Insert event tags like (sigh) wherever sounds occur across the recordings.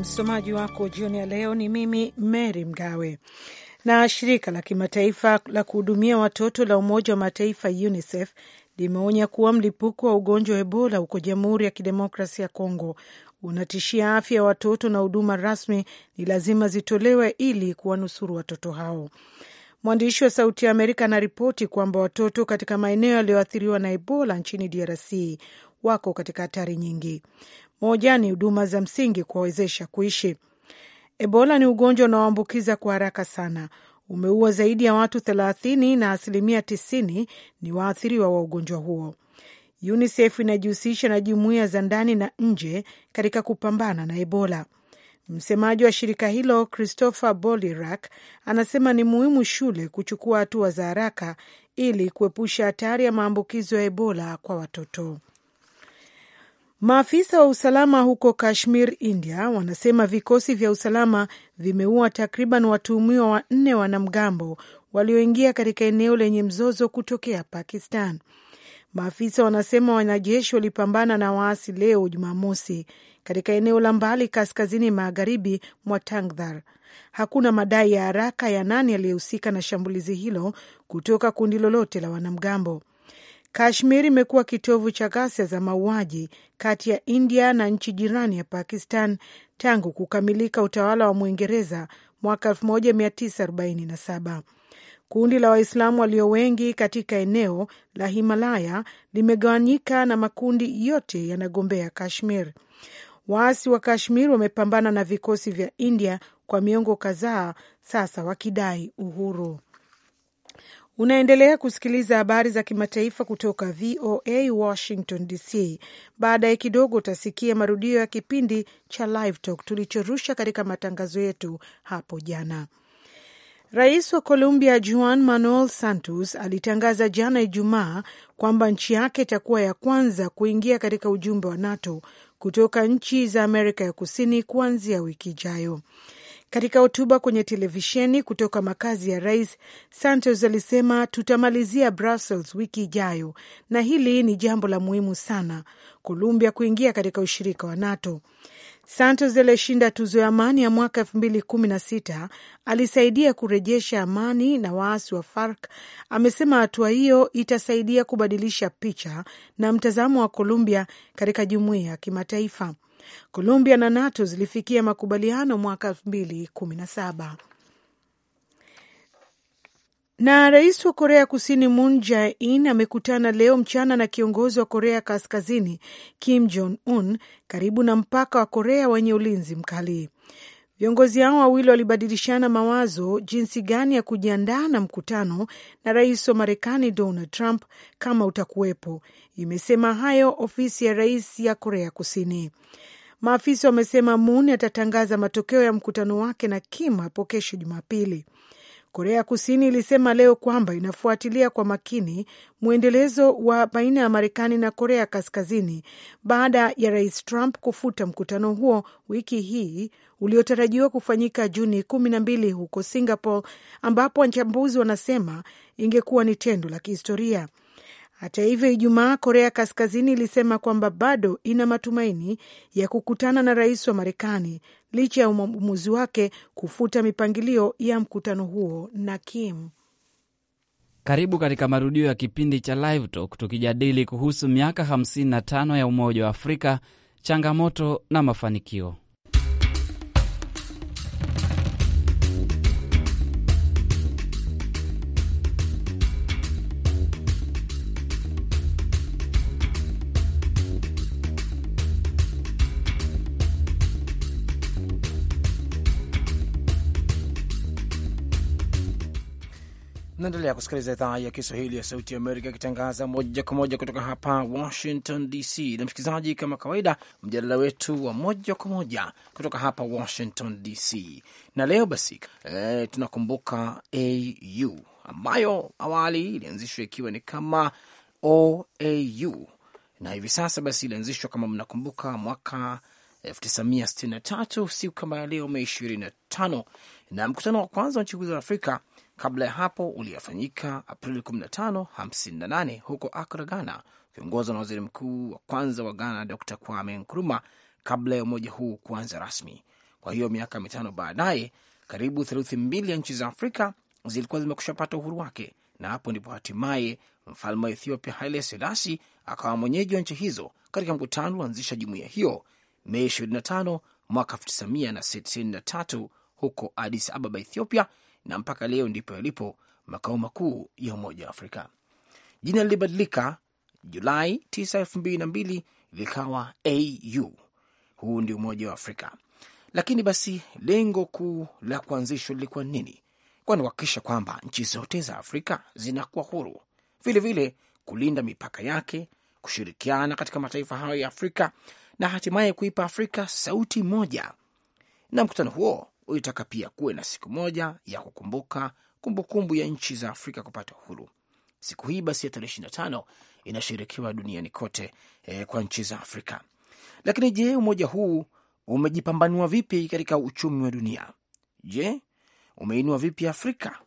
Msomaji wako jioni ya leo ni mimi Mary Mgawe. Na shirika la kimataifa la kuhudumia watoto la Umoja wa Mataifa UNICEF limeonya kuwa mlipuko wa ugonjwa wa Ebola huko Jamhuri ya Kidemokrasia ya Kongo unatishia afya ya watoto na huduma rasmi ni lazima zitolewe ili kuwanusuru watoto hao. Mwandishi wa Sauti ya Amerika anaripoti kwamba watoto katika maeneo yaliyoathiriwa na Ebola nchini DRC wako katika hatari nyingi. Moja ni huduma za msingi kuwawezesha kuishi. Ebola ni ugonjwa unaoambukiza kwa haraka sana, umeua zaidi ya watu thelathini na asilimia tisini ni waathiriwa wa ugonjwa huo. UNICEF inajihusisha na jumuiya za ndani na nje katika kupambana na Ebola. Msemaji wa shirika hilo Christopher Bolirak anasema ni muhimu shule kuchukua hatua za haraka ili kuepusha hatari ya maambukizo ya Ebola kwa watoto. Maafisa wa usalama huko Kashmir, India, wanasema vikosi vya usalama vimeua takriban watuhumiwa wanne wanamgambo walioingia katika eneo lenye mzozo kutokea Pakistan. Maafisa wanasema wanajeshi walipambana na waasi leo Jumamosi katika eneo la mbali kaskazini magharibi mwa Tangdhar. Hakuna madai ya haraka ya nani aliyehusika na shambulizi hilo kutoka kundi lolote la wanamgambo. Kashmir imekuwa kitovu cha ghasia za mauaji kati ya India na nchi jirani ya Pakistan tangu kukamilika utawala wa Mwingereza mwaka 1947. Kundi la Waislamu walio wengi katika eneo la Himalaya limegawanyika na makundi yote yanagombea Kashmir. Waasi wa Kashmir wamepambana na vikosi vya India kwa miongo kadhaa sasa wakidai uhuru. Unaendelea kusikiliza habari za kimataifa kutoka VOA Washington DC. Baadaye kidogo utasikia marudio ya kipindi cha Live Talk tulichorusha katika matangazo yetu hapo jana. Rais wa Colombia Juan Manuel Santos alitangaza jana Ijumaa kwamba nchi yake itakuwa ya kwanza kuingia katika ujumbe wa NATO kutoka nchi za Amerika ya Kusini kuanzia wiki ijayo. Katika hotuba kwenye televisheni kutoka makazi ya rais, Santos alisema tutamalizia Brussels wiki ijayo, na hili ni jambo la muhimu sana, Colombia kuingia katika ushirika wa NATO. Santos aliyeshinda tuzo ya amani ya mwaka elfu mbili kumi na sita alisaidia kurejesha amani na waasi wa FARC. Amesema hatua hiyo itasaidia kubadilisha picha na mtazamo wa Colombia katika jumuiya ya kimataifa. Colombia na NATO zilifikia makubaliano mwaka elfu mbili kumi na saba na rais wa Korea Kusini Moon Jae-in amekutana leo mchana na kiongozi wa Korea Kaskazini Kim Jong Un karibu na mpaka wa Korea wenye ulinzi mkali. Viongozi hao wawili walibadilishana mawazo jinsi gani ya kujiandaa na mkutano na rais wa Marekani Donald Trump kama utakuwepo. Imesema hayo ofisi ya rais ya Korea Kusini. Maafisa wamesema Moon atatangaza matokeo ya mkutano wake na Kim hapo kesho Jumapili. Korea Kusini ilisema leo kwamba inafuatilia kwa makini mwendelezo wa baina ya Marekani na Korea Kaskazini baada ya rais Trump kufuta mkutano huo wiki hii uliotarajiwa kufanyika Juni kumi na mbili huko Singapore, ambapo wachambuzi wanasema ingekuwa ni tendo la kihistoria. Hata hivyo, Ijumaa Korea Kaskazini ilisema kwamba bado ina matumaini ya kukutana na rais wa Marekani licha ya uamuzi wake kufuta mipangilio ya mkutano huo na Kim. Karibu katika marudio ya kipindi cha Live Talk tukijadili kuhusu miaka 55 ya Umoja wa Afrika, changamoto na mafanikio. Naendelea kusikiliza idhaa ya Kiswahili ya Sauti ya Amerika ikitangaza moja kwa moja kutoka hapa Washington DC. Na msikilizaji, kama kawaida, mjadala wetu wa moja kwa moja kutoka hapa Washington DC, na leo basi e, tunakumbuka au ambayo awali ilianzishwa ikiwa ni kama OAU na hivi sasa basi ilianzishwa kama mnakumbuka mwaka 1963 siku kama ya leo Mei 25, na mkutano wa kwanza wa nchi hizo za Afrika kabla ya hapo uliyofanyika Aprili 15, 58 huko Akra, Ghana, ukiongozwa na waziri mkuu wa kwanza wa Ghana Dr Kwame Nkruma kabla ya umoja huu kuanza rasmi. Kwa hiyo miaka mitano baadaye, karibu theluthi mbili ya nchi za Afrika zilikuwa zimekusha pata uhuru wake, na hapo ndipo hatimaye mfalme wa Ethiopia Haile Selasi akawa mwenyeji wa nchi hizo katika mkutano uanzisha jumuiya hiyo Mei 25 mwaka 1963 huko adis Ababa, Ethiopia, na mpaka leo ndipo yalipo makao makuu ya Umoja wa Afrika. Jina lilibadilika Julai 9, 2002 likawa AU. Huu ndio Umoja wa Afrika. Lakini basi lengo kuu la kuanzishwa lilikuwa nini? Kwani kuhakikisha kwamba nchi zote za Afrika zinakuwa huru, vilevile vile kulinda mipaka yake, kushirikiana katika mataifa hayo ya Afrika na hatimaye kuipa Afrika sauti moja. Na mkutano huo ulitaka pia kuwe na siku moja ya kukumbuka kumbukumbu kumbu ya nchi za Afrika kupata uhuru. Siku hii basi ya tarehe 25 inasherekewa duniani kote eh, kwa nchi za Afrika. Lakini je, umoja huu umejipambanua vipi katika uchumi wa dunia? Je, umeinua vipi Afrika?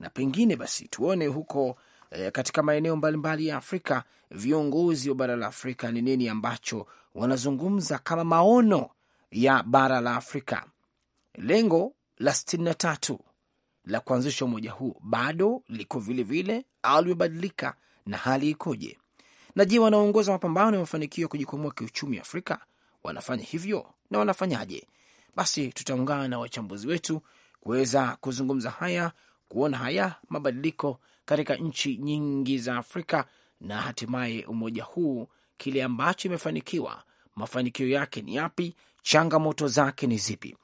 Na pengine basi tuone huko eh, katika maeneo mbalimbali ya Afrika, viongozi wa bara la Afrika ni nini ambacho wanazungumza kama maono ya bara la Afrika lengo la sitini na tatu la kuanzisha umoja huo bado liko vilevile au limebadilika na hali ikoje? Na je, wanaoongoza mapambano ya mafanikio ya kujikwamua kiuchumi Afrika wanafanya hivyo na wanafanyaje? Basi tutaungana na wachambuzi wetu kuweza kuzungumza haya, kuona haya mabadiliko katika nchi nyingi za Afrika na hatimaye umoja huu, kile ambacho imefanikiwa, mafanikio yake ni yapi, changamoto zake ni zipi?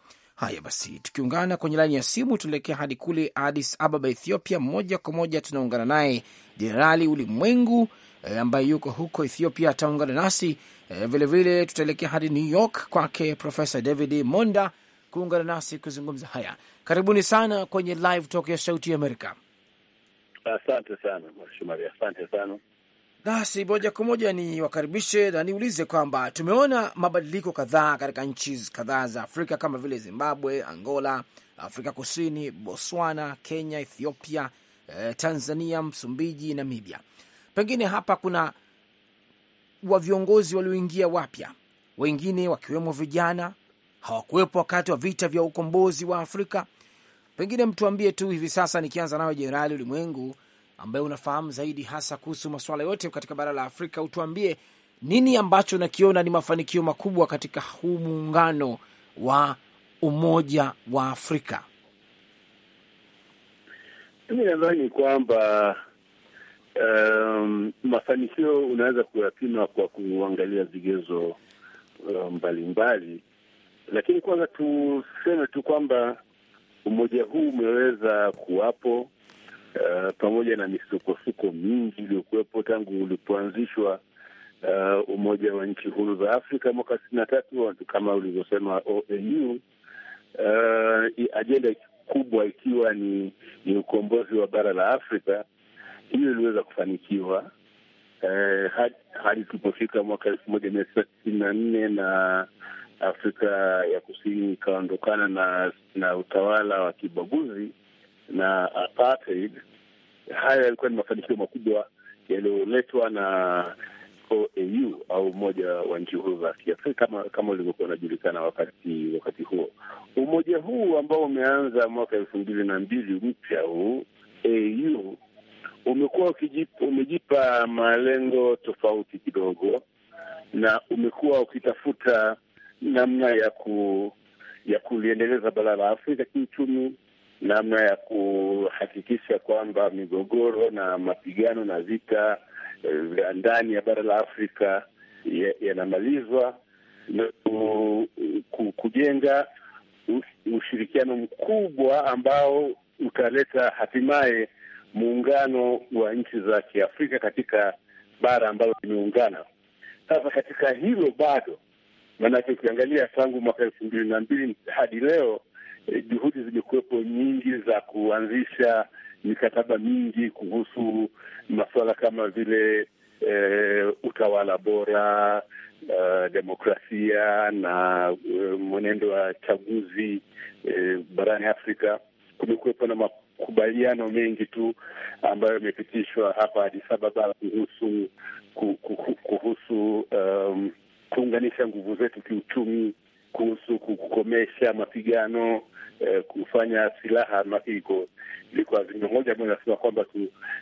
Haya basi, tukiungana kwenye laini ya simu tuelekea hadi kule Addis Ababa, Ethiopia. Moja kwa moja tunaungana naye Jenerali Ulimwengu e, ambaye yuko huko Ethiopia, ataungana nasi vilevile. Eh, tutaelekea hadi New York kwake Profesa David Monda kuungana nasi kuzungumza haya. Karibuni sana kwenye Live Talk ya Sauti ya Amerika. Asante sana Mheshimiwa, asante sana. Basi moja kwa moja ni wakaribishe na niulize kwamba tumeona mabadiliko kadhaa katika nchi kadhaa za Afrika kama vile Zimbabwe, Angola, Afrika Kusini, Botswana, Kenya, Ethiopia, eh, Tanzania, Msumbiji, Namibia. Pengine hapa kuna wa viongozi walioingia wapya, wengine wakiwemo vijana hawakuwepo wakati wa vita vya ukombozi wa Afrika. Pengine mtuambie tu hivi sasa, nikianza nayo Jenerali Ulimwengu, ambaye unafahamu zaidi hasa kuhusu masuala yote katika bara la Afrika, utuambie nini ambacho unakiona ni mafanikio makubwa katika huu muungano wa Umoja wa Afrika? Mimi nadhani kwamba um, mafanikio unaweza kuyapima kwa kuangalia vigezo uh, mbalimbali um, mbali. Lakini kwanza tuseme tu kwamba umoja huu umeweza kuwapo uh, pamoja na misukosuko mingi iliyokuwepo tangu ulipoanzishwa uh, Umoja wa Nchi Huru za Afrika mwaka sitini na tatu kama ulivyosema OAU, uh, eh, ajenda kubwa ikiwa ni, ni ukombozi wa bara la Afrika. Hiyo iliweza kufanikiwa eh, hadi, hadi tulipofika mwaka elfu moja mia tisa tisini na nne na Afrika ya Kusini ikaondokana na, na utawala wa kibaguzi na apartheid. haya yalikuwa ni mafanikio makubwa yaliyoletwa na OAU au Umoja wa Nchi Huru za Kiafrika kama kama ulivyokuwa unajulikana wakati wakati huo. Umoja huu ambao umeanza mwaka elfu mbili na mbili mpya huu AU umekuwa umejipa malengo tofauti kidogo, na umekuwa ukitafuta namna ya ku ya kuliendeleza bara la Afrika kiuchumi namna ya kuhakikisha kwamba migogoro na mapigano na vita eh, vya ndani ya bara la Afrika yanamalizwa na kujenga ushirikiano mkubwa ambao utaleta hatimaye muungano wa nchi za Kiafrika katika bara ambalo limeungana. Sasa katika hilo bado, maanake ukiangalia tangu mwaka elfu mbili na mbili hadi leo Eh, juhudi zimekuwepo nyingi za kuanzisha mikataba mingi kuhusu masuala kama vile e, utawala bora Uh, demokrasia na uh, mwenendo wa chaguzi uh, barani Afrika. Kumekuwepo na makubaliano mengi tu ambayo yamepitishwa hapa Addis Ababa kuhusu kuhusu um, kuunganisha nguvu zetu kiuchumi, kuhusu kukomesha mapigano eh, kufanya silaha mapigo. Ilikuwa azimio moja ambayo inasema kwamba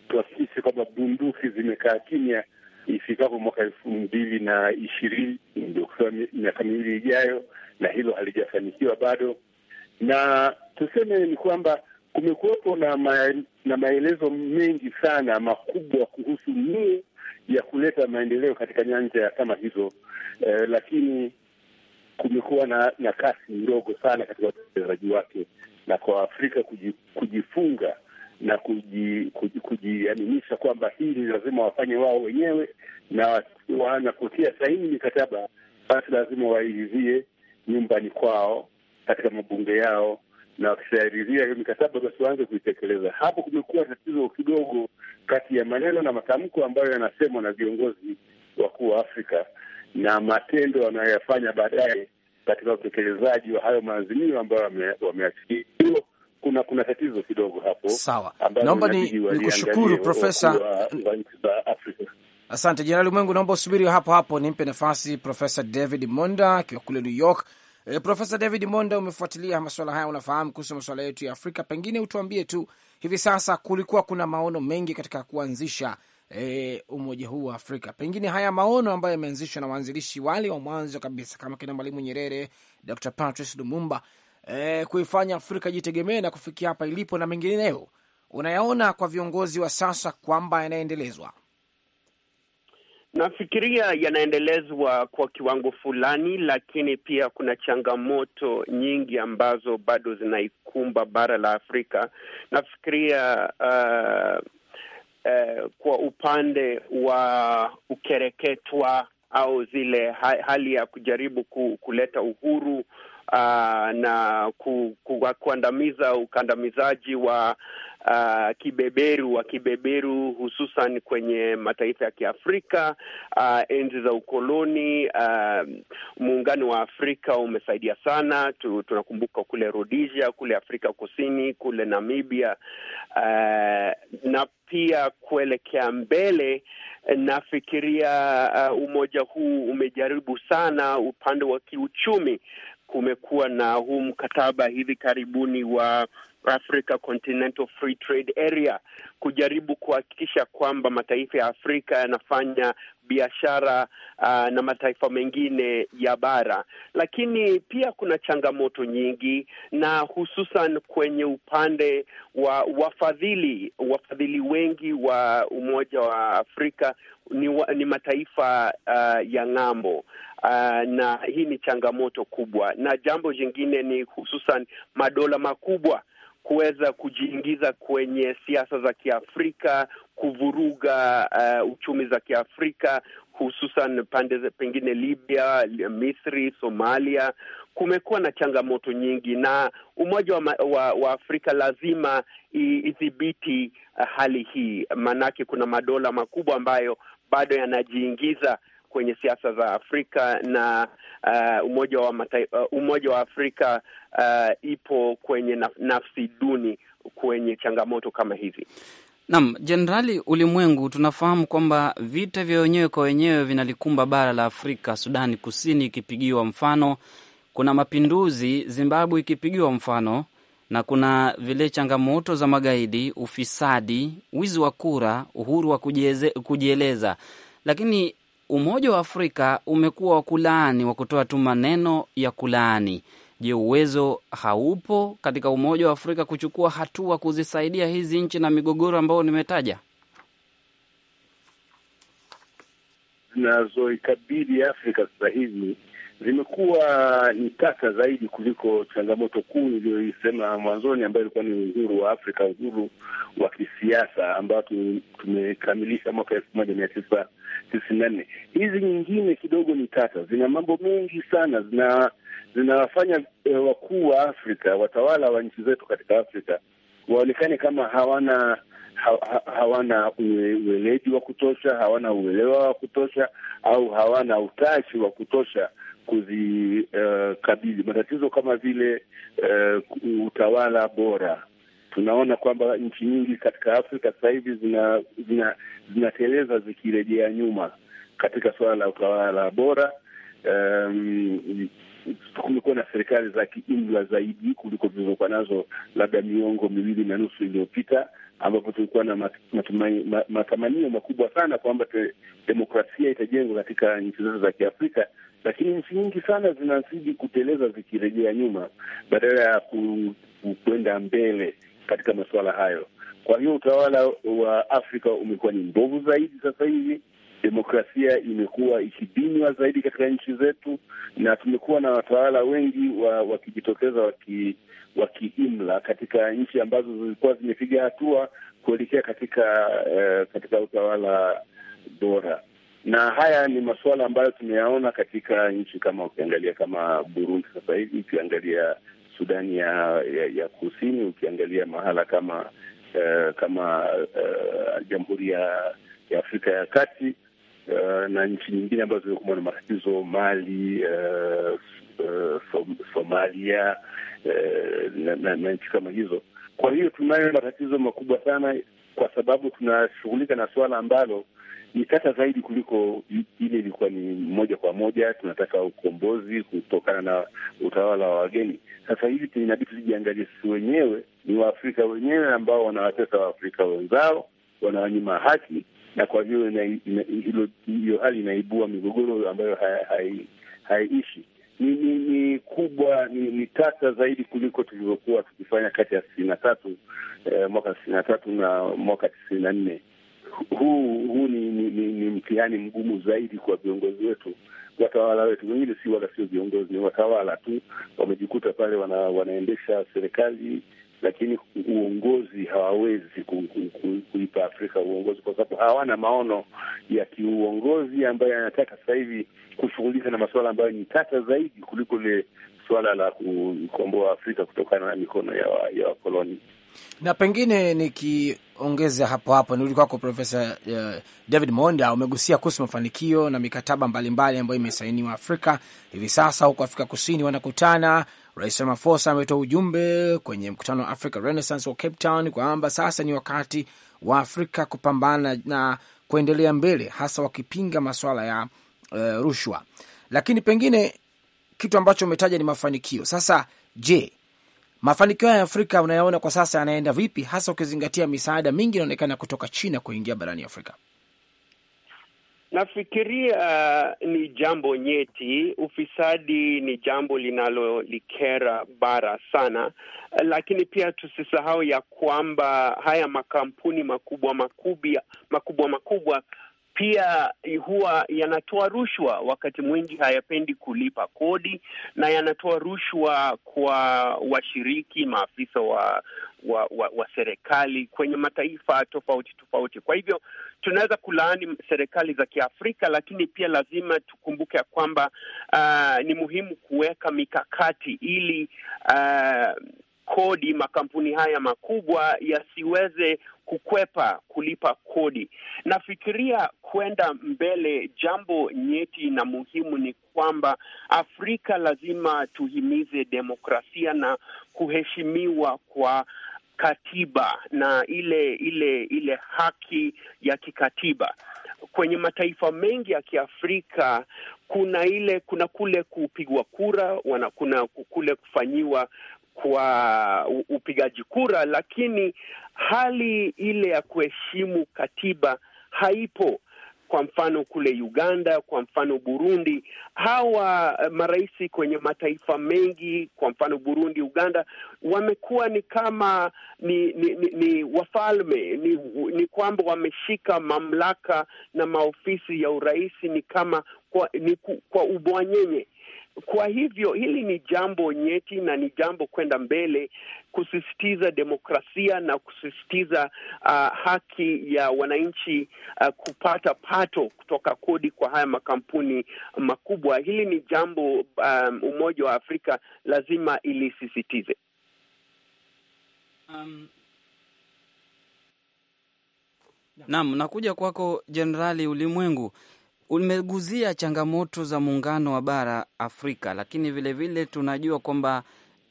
tuhakikishe kwamba bunduki zimekaa kimya ifikapo mwaka elfu mbili na ishirini ndio kusema miaka miwili ijayo, na hilo halijafanikiwa bado. Na tuseme ni kwamba kumekuwepo na ma, na maelezo mengi sana makubwa kuhusu nia ya kuleta maendeleo katika nyanja kama hizo eh, lakini kumekuwa na, na kasi ndogo sana katika utekelezaji wake, na kwa Afrika kujifunga na kujiaminisha kuji, kuji, kwamba hili lazima wafanye wao wenyewe na wanapotia sahihi mikataba basi lazima wairidhie nyumbani kwao katika mabunge yao, na wakishairidhia hiyo mikataba basi waanze kuitekeleza. Hapo kumekuwa tatizo kidogo kati ya maneno na matamko ambayo yanasemwa na viongozi wakuu wa Afrika na matendo wanayoyafanya baadaye katika utekelezaji wa hayo maazimio ambayo hiyo Kuna kuna tatizo kidogo hapo. Sawa, naomba nikushukuru Profesa. Asante Jenerali Mwengu, naomba usubiri hapo hapo nimpe nafasi Profesa David Monda akiwa kule New York. E, Profesa David Monda, umefuatilia masuala haya, unafahamu kuhusu masuala yetu ya Afrika, pengine utuambie tu hivi sasa, kulikuwa kuna maono mengi katika kuanzisha e, umoja huu wa Afrika. Pengine haya maono ambayo yameanzishwa na waanzilishi wale wa mwanzo kabisa kama kina Mwalimu Nyerere, Dr Patrice Lumumba, e, kuifanya Afrika jitegemee na kufikia hapa ilipo na mengineyo, unayaona kwa viongozi wa sasa kwamba yanaendelezwa? Nafikiria yanaendelezwa kwa kiwango fulani, lakini pia kuna changamoto nyingi ambazo bado zinaikumba bara la Afrika. Nafikiria uh, eh, kwa upande wa ukereketwa au zile hali ya kujaribu kuleta uhuru uh, na ku, ku, kuandamiza ukandamizaji wa uh, kibeberu wa kibeberu hususan kwenye mataifa ya Kiafrika uh, enzi za ukoloni. Uh, muungano wa Afrika umesaidia sana tu, tunakumbuka kule Rhodesia, kule Afrika Kusini, kule Namibia uh, na pia kuelekea mbele nafikiria uh, umoja huu umejaribu sana upande wa kiuchumi kumekuwa na huu mkataba hivi karibuni wa Africa Continental Free Trade Area kujaribu kuhakikisha kwamba mataifa ya Afrika yanafanya biashara uh, na mataifa mengine ya bara, lakini pia kuna changamoto nyingi, na hususan kwenye upande wa wafadhili. Wafadhili wengi wa Umoja wa Afrika ni, wa, ni mataifa uh, ya ng'ambo. Uh, na hii ni changamoto kubwa, na jambo jingine ni hususan madola makubwa kuweza kujiingiza kwenye siasa za Kiafrika, kuvuruga uh, uchumi za Kiafrika hususan pande pengine Libya, Misri, Somalia. Kumekuwa na changamoto nyingi, na Umoja wa, wa, wa Afrika lazima idhibiti eh, hali hii, maanake kuna madola makubwa ambayo bado yanajiingiza kwenye siasa za Afrika na uh, Umoja wa matai, uh, Umoja wa Afrika uh, ipo kwenye nafsi duni kwenye changamoto kama hizi. Nam Jenerali Ulimwengu, tunafahamu kwamba vita vya wenyewe kwa wenyewe vinalikumba bara la Afrika, Sudani Kusini ikipigiwa mfano, kuna mapinduzi Zimbabwe ikipigiwa mfano, na kuna vile changamoto za magaidi, ufisadi, wizi wa kura, uhuru wa kujieze, kujieleza. Lakini Umoja wa Afrika umekuwa wa kulaani, wa kutoa tu maneno ya kulaani. Je, uwezo haupo katika Umoja wa Afrika kuchukua hatua kuzisaidia hizi nchi na migogoro ambayo nimetaja zinazoikabili Afrika sasa hivi limekuwa ni tata zaidi kuliko changamoto kuu iliyoisema mwanzoni, ambayo ilikuwa ni uhuru wa Afrika, uhuru wa kisiasa ambao tumekamilisha mwaka elfu moja mia tisa tisini na nne. Hizi nyingine kidogo ni tata, zina mambo mengi sana, zina zinawafanya eh, wakuu wa Afrika, watawala wa nchi zetu katika Afrika waonekane kama hawana ha, hawana ueledi wa kutosha, hawana uelewa wa kutosha, au hawana utashi wa kutosha kuzikabili uh, matatizo kama vile uh, utawala bora. Tunaona kwamba nchi nyingi katika Afrika sasa hivi zina, zina, zikirejea nyuma katika suala la utawala bora. Um, kumekuwa na serikali za kiimla zaidi kuliko zilizokuwa nazo labda miongo miwili na nusu iliyopita, ambapo tulikuwa na matamanio makubwa sana kwamba demokrasia itajengwa katika nchi zote za Kiafrika, lakini nchi nyingi sana zinazidi kuteleza zikirejea nyuma badala ya kwenda mbele katika masuala hayo. Kwa hiyo utawala wa Afrika umekuwa ni mbovu zaidi sasa hivi, demokrasia imekuwa ikidinywa zaidi katika nchi zetu, na tumekuwa na watawala wengi wa wakijitokeza waki, wakiimla katika nchi ambazo zilikuwa zimepiga hatua kuelekea katika eh, katika utawala bora na haya ni masuala ambayo tumeyaona katika nchi kama ukiangalia kama Burundi sasa hivi, ukiangalia Sudani ya, ya, ya Kusini, ukiangalia mahala kama uh, kama uh, Jamhuri ya, ya Afrika ya Kati uh, na nchi nyingine ambazo zimekumbwa na matatizo Mali uh, Somalia na, na, na nchi kama hizo. Kwa hiyo tunayo matatizo makubwa sana, kwa sababu tunashughulika na suala ambalo ni tata zaidi kuliko ile ilikuwa ni moja kwa moja, tunataka ukombozi kutokana na utawala wa wageni. Sasa hivi inabidi tujiangalie sisi wenyewe, ni Waafrika wenyewe ambao wanawatesa Waafrika wenzao, wanawanyima haki, na kwa hiyo hiyo hali inaibua migogoro ambayo haiishi hai, hai ni, ni, ni kubwa ni, ni tata zaidi kuliko tulivyokuwa tukifanya kati ya sitini na tatu eh, mwaka sitini na tatu na mwaka tisini na nne huu huu ni, ni, ni, ni mtihani mgumu zaidi kwa viongozi wetu, watawala wetu. Wengine si wala sio viongozi, ni watawala tu, wamejikuta pale wana, wanaendesha serikali lakini uongozi hawawezi kuipa Afrika uongozi kwa sababu hawana maono ya kiuongozi ambayo anataka sasa hivi kushughulika na masuala ambayo ni tata zaidi kuliko ile suala la kukomboa Afrika kutokana na mikono ya wakoloni wa na pengine nikiongeza hapo hapo, nirudi kwako Profesa uh, eh, David Monda, umegusia kuhusu mafanikio na mikataba mbalimbali ambayo imesainiwa Afrika hivi sasa. Huko Afrika Kusini wanakutana Rais Ramaphosa ametoa ujumbe kwenye mkutano wa Africa Renaissance wa Cape Town kwamba sasa ni wakati wa Afrika kupambana na kuendelea mbele, hasa wakipinga masuala ya uh, rushwa. Lakini pengine kitu ambacho umetaja ni mafanikio. Sasa je, mafanikio ya Afrika unayaona kwa sasa yanaenda vipi, hasa ukizingatia misaada mingi inaonekana kutoka China kuingia barani Afrika? Nafikiria uh, ni jambo nyeti. Ufisadi ni jambo linalolikera bara sana, lakini pia tusisahau ya kwamba haya makampuni makubwa makubwa makubwa makubwa pia huwa yanatoa rushwa, wakati mwingi hayapendi kulipa kodi na yanatoa rushwa kwa washiriki, maafisa wa wa, wa, wa serikali kwenye mataifa tofauti tofauti. Kwa hivyo tunaweza kulaani serikali za Kiafrika, lakini pia lazima tukumbuke ya kwamba uh, ni muhimu kuweka mikakati ili uh, kodi, makampuni haya makubwa yasiweze kukwepa kulipa kodi. Nafikiria kwenda mbele, jambo nyeti na muhimu ni kwamba Afrika lazima tuhimize demokrasia na kuheshimiwa kwa katiba na ile ile ile haki ya kikatiba. Kwenye mataifa mengi ya Kiafrika kuna ile kuna kule kupigwa kura wana, kuna kule kufanyiwa kwa upigaji kura, lakini hali ile ya kuheshimu katiba haipo. Kwa mfano kule Uganda, kwa mfano Burundi, hawa eh, marais kwenye mataifa mengi, kwa mfano Burundi, Uganda, wamekuwa ni kama ni ni, ni, ni wafalme ni, ni kwamba wameshika mamlaka na maofisi ya urais ni kama kwa, ni, kwa ubwanyenye kwa hivyo hili ni jambo nyeti na ni jambo kwenda mbele kusisitiza demokrasia na kusisitiza uh, haki ya wananchi uh, kupata pato kutoka kodi kwa haya makampuni makubwa. Hili ni jambo um, Umoja wa Afrika lazima ilisisitize. Um, naam, nakuja kwako Jenerali Ulimwengu. Umeguzia changamoto za muungano wa bara Afrika, lakini vilevile vile tunajua kwamba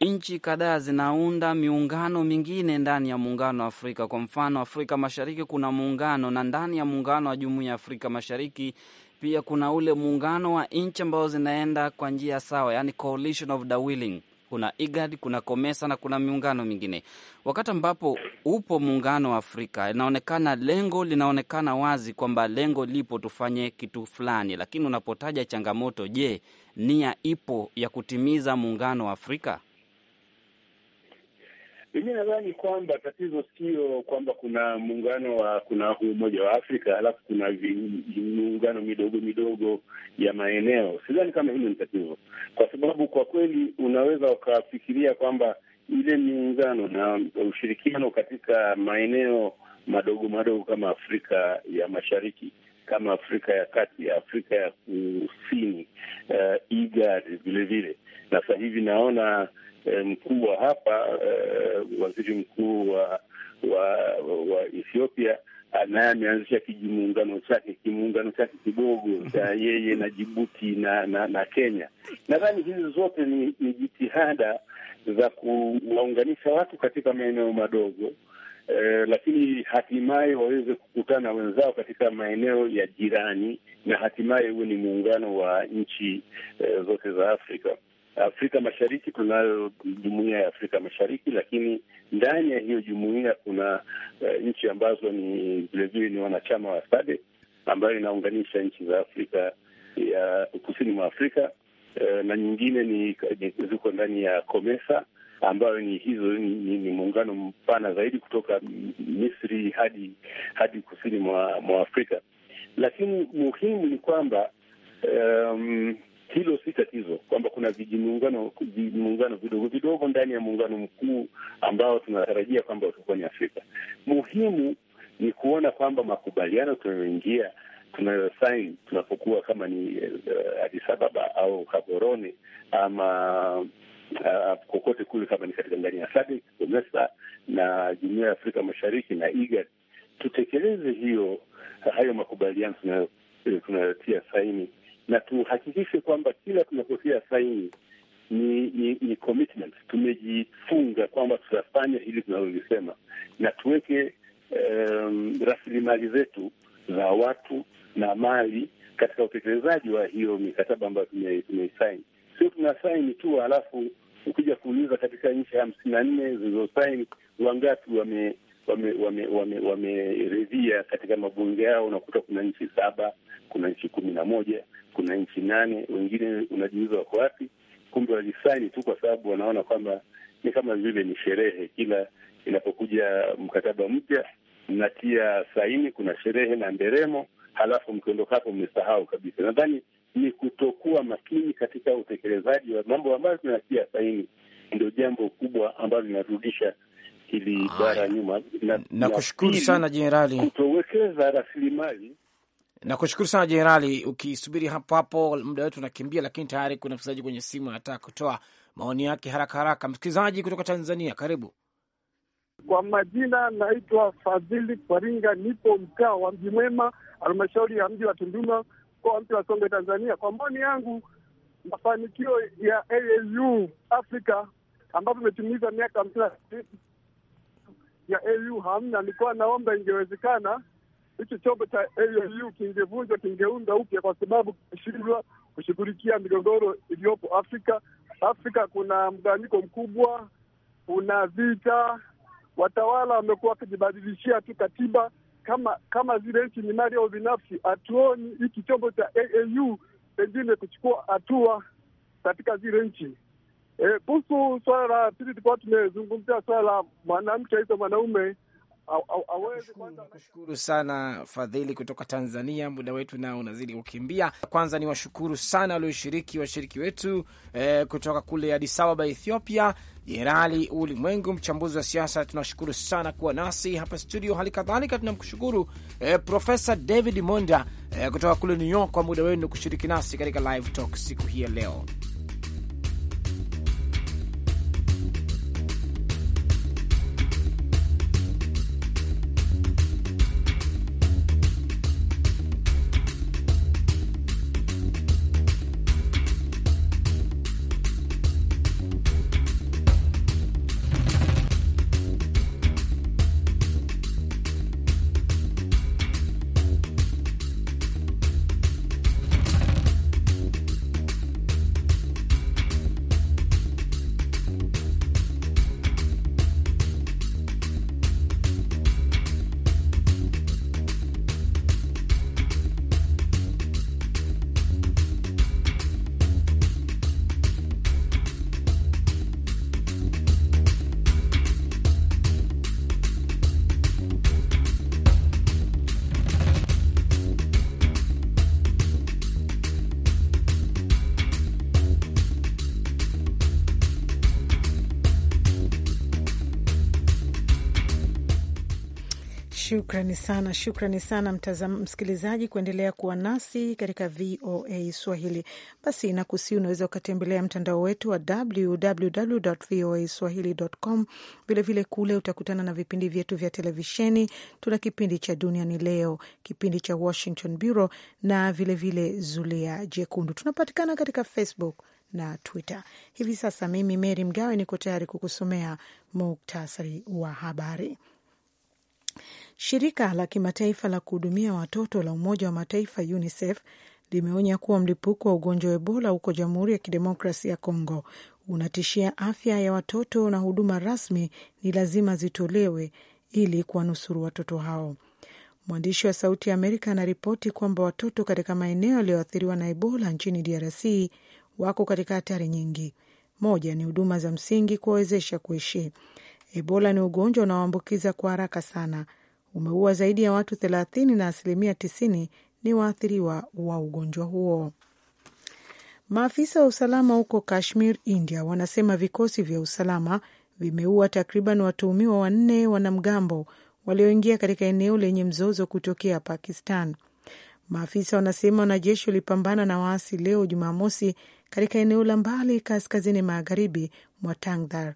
nchi kadhaa zinaunda miungano mingine ndani ya muungano wa Afrika. Kwa mfano, Afrika Mashariki kuna muungano, na ndani ya muungano wa Jumuiya ya Afrika Mashariki pia kuna ule muungano wa nchi ambazo zinaenda kwa njia sawa, yani coalition of the willing kuna IGAD, kuna COMESA na kuna miungano mingine. Wakati ambapo upo muungano wa Afrika, inaonekana lengo linaonekana wazi kwamba lengo lipo, tufanye kitu fulani, lakini unapotaja changamoto, je, nia ipo ya kutimiza muungano wa Afrika? Mimi nadhani kwamba tatizo sio kwamba kuna muungano wa kuna Umoja wa Afrika halafu kuna miungano midogo midogo ya maeneo. Sidhani kama hilo ni tatizo, kwa sababu kwa kweli unaweza ukafikiria kwamba ile miungano na ushirikiano katika maeneo madogo madogo kama Afrika ya Mashariki kama Afrika ya Kati, Afrika ya Kusini, uh, eh, IGAD vilevile. Na sasa hivi naona Eh, mkuu wa hapa eh, waziri mkuu wa wa, wa Ethiopia ah, naye ameanzisha kijimuungano chake kimuungano chake kidogo cha (laughs) yeye na Jibuti na na, na Kenya. Nadhani hizi zote ni, ni jitihada za kuwaunganisha watu katika maeneo madogo eh, lakini hatimaye waweze kukutana wenzao katika maeneo ya jirani na hatimaye huwe ni muungano wa nchi eh, zote za Afrika. Afrika Mashariki tunayo jumuia ya Afrika Mashariki, lakini ndani ya hiyo jumuia kuna uh, nchi ambazo ni vilevile ni wanachama wa SADC ambayo inaunganisha nchi za Afrika ya kusini mwa Afrika uh, na nyingine ni ziko ndani ya COMESA ambayo ni hizo ni, ni, ni muungano mpana zaidi kutoka Misri hadi hadi kusini mwa, mwa Afrika, lakini muhimu ni kwamba um, hilo si tatizo, kwamba kuna vijimuungano vijimuungano vidogo vidogo ndani ya muungano mkuu ambao tunatarajia kwamba utakuwa ni Afrika. Muhimu ni kuona kwamba makubaliano tunayoingia tunayosain tunapokuwa kama ni uh, Addis Ababa au Gaborone ama uh, kokote kule kama ni katika ndani ya SADC, COMESA na Jumuiya ya Afrika Mashariki na IGAD, tutekeleze hiyo hayo makubaliano eh, tunayotia saini na tuhakikishe kwamba kila tunapotia saini ni, ni, ni commitment, tumejifunga kwamba tutafanya hili tunalolisema, na tuweke um, rasilimali zetu za watu na mali katika utekelezaji wa hiyo mikataba ambayo tumeisaini. Sio tuna saini tu halafu ukija kuuliza katika nchi hamsini na nne zilizosaini wangapi wameridhia wame, wame, wame, wame katika mabunge yao, unakuta kuna nchi saba kuna nchi kumi na moja kuna nchi nane Wengine unajiuliza wako wapi? Kumbe walisaini tu kwa sababu wanaona kwamba ni kama vile ni sherehe. Kila inapokuja mkataba mpya mnatia saini, kuna sherehe na nderemo, halafu mkiondokapo mmesahau kabisa. Nadhani ni kutokuwa makini katika utekelezaji wa mambo ambayo tunatia saini, ndio jambo kubwa ambalo linarudisha hili bara nyuma. Nakushukuru na sana Jenerali, kutowekeza rasilimali Nakushukuru sana Jenerali, ukisubiri hapo hapo, muda wetu unakimbia, lakini tayari kuna msikilizaji kwenye simu anataka kutoa maoni yake haraka haraka. Msikilizaji kutoka Tanzania, karibu. Kwa majina naitwa Fadhili Kwaringa, nipo mkaa wa Mji Mwema, halmashauri ya mji wa Tunduma, mkoa mpya wa Songwe, Tanzania. Kwa maoni yangu, mafanikio ya AU Afrika ambapo imetimiza miaka hamsini ya AU hamna, nilikuwa naomba ingewezekana hicho chombo cha AU kingevunjwa, kingeunda upya, kwa sababu kimeshindwa kushughulikia migogoro iliyopo Afrika. Afrika kuna mgawanyiko mkubwa, kuna vita, watawala wamekuwa wakijibadilishia tu katiba kama kama zile nchi ni mali au binafsi. Hatuoni hiki chombo cha AAU pengine kuchukua hatua katika zile nchi eh, kuhusu e, swala la pili tulikuwa tumezungumzia swala la mwanamke aiza mwanaume Nakushukuru sana Fadhili kutoka Tanzania, muda wetu nao unazidi kukimbia. Kwanza ni washukuru sana walioshiriki, washiriki wetu eh, kutoka kule Addis Ababa, Ethiopia, jenerali Ulimwengu, mchambuzi wa siasa, tunashukuru sana kuwa nasi hapa studio. Hali kadhalika tunamshukuru eh, Profesa David Monda eh, kutoka kule New York kwa muda wenu kushiriki nasi katika Live Talk siku hii ya leo. Shukrani sana, shukrani sana mtazam, msikilizaji kuendelea kuwa nasi katika VOA Swahili. Basi nakusi unaweza ukatembelea mtandao wetu wa www voa swahili.com. Vilevile kule utakutana na vipindi vyetu vya televisheni. Tuna kipindi cha duniani leo, kipindi cha Washington Bureau na vilevile vile zulia jekundu. Tunapatikana katika Facebook na Twitter. Hivi sasa mimi Mary Mgawe niko tayari kukusomea muktasari wa habari. Shirika la kimataifa la kuhudumia watoto la Umoja wa Mataifa UNICEF limeonya kuwa mlipuko wa ugonjwa wa Ebola huko Jamhuri ya kidemokrasi ya congo unatishia afya ya watoto na huduma rasmi ni lazima zitolewe ili kuwanusuru watoto hao. Mwandishi wa Sauti ya Amerika anaripoti kwamba watoto katika maeneo yaliyoathiriwa na Ebola nchini DRC wako katika hatari nyingi. Moja ni huduma za msingi kuwawezesha kuishi. Ebola ni ugonjwa unaoambukiza kwa haraka sana umeua zaidi ya watu thelathini na asilimia tisini ni waathiriwa wa ugonjwa huo. Maafisa wa usalama huko Kashmir, India, wanasema vikosi vya usalama vimeua takriban watuhumiwa wanne wanamgambo walioingia katika eneo lenye mzozo kutokea Pakistan. Maafisa wanasema wanajeshi walipambana na waasi leo Jumamosi katika eneo la mbali kaskazini magharibi mwa Tangdhar.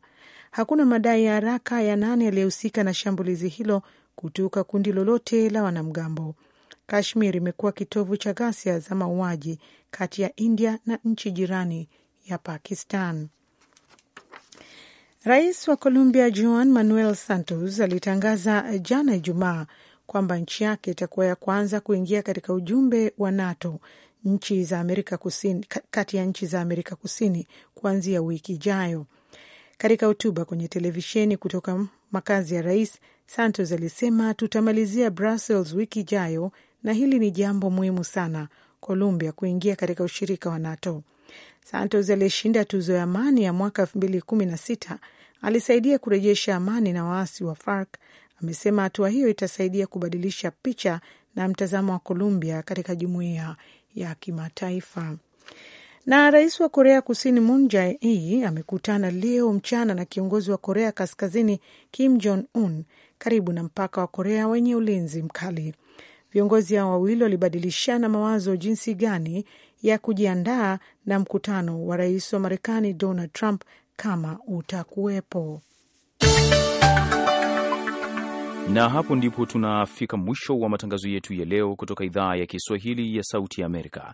Hakuna madai ya haraka ya nani aliyehusika na shambulizi hilo kutoka kundi lolote la wanamgambo. Kashmir imekuwa kitovu cha ghasia za mauaji kati ya India na nchi jirani ya Pakistan. Rais wa Colombia Juan Manuel Santos alitangaza jana Ijumaa kwamba nchi yake itakuwa ya kwanza kuingia katika ujumbe wa NATO nchi za Amerika Kusini, kati ya nchi za Amerika Kusini kuanzia wiki ijayo. Katika hotuba kwenye televisheni kutoka makazi ya rais, Santos alisema tutamalizia Brussels wiki ijayo, na hili ni jambo muhimu sana Colombia kuingia katika ushirika wa NATO. Santos aliyeshinda tuzo ya amani ya mwaka elfu mbili kumi na sita alisaidia kurejesha amani na waasi wa FARC. Amesema hatua hiyo itasaidia kubadilisha picha na mtazamo wa Colombia katika jumuiya ya kimataifa. Na rais wa Korea Kusini Moon Jae-in amekutana leo mchana na kiongozi wa Korea Kaskazini Kim Jong Un karibu na mpaka wa Korea wenye ulinzi mkali. Viongozi hao wawili walibadilishana mawazo jinsi gani ya kujiandaa na mkutano wa rais wa Marekani Donald Trump kama utakuwepo. Na hapo ndipo tunafika mwisho wa matangazo yetu ya leo kutoka idhaa ya Kiswahili ya Sauti ya Amerika.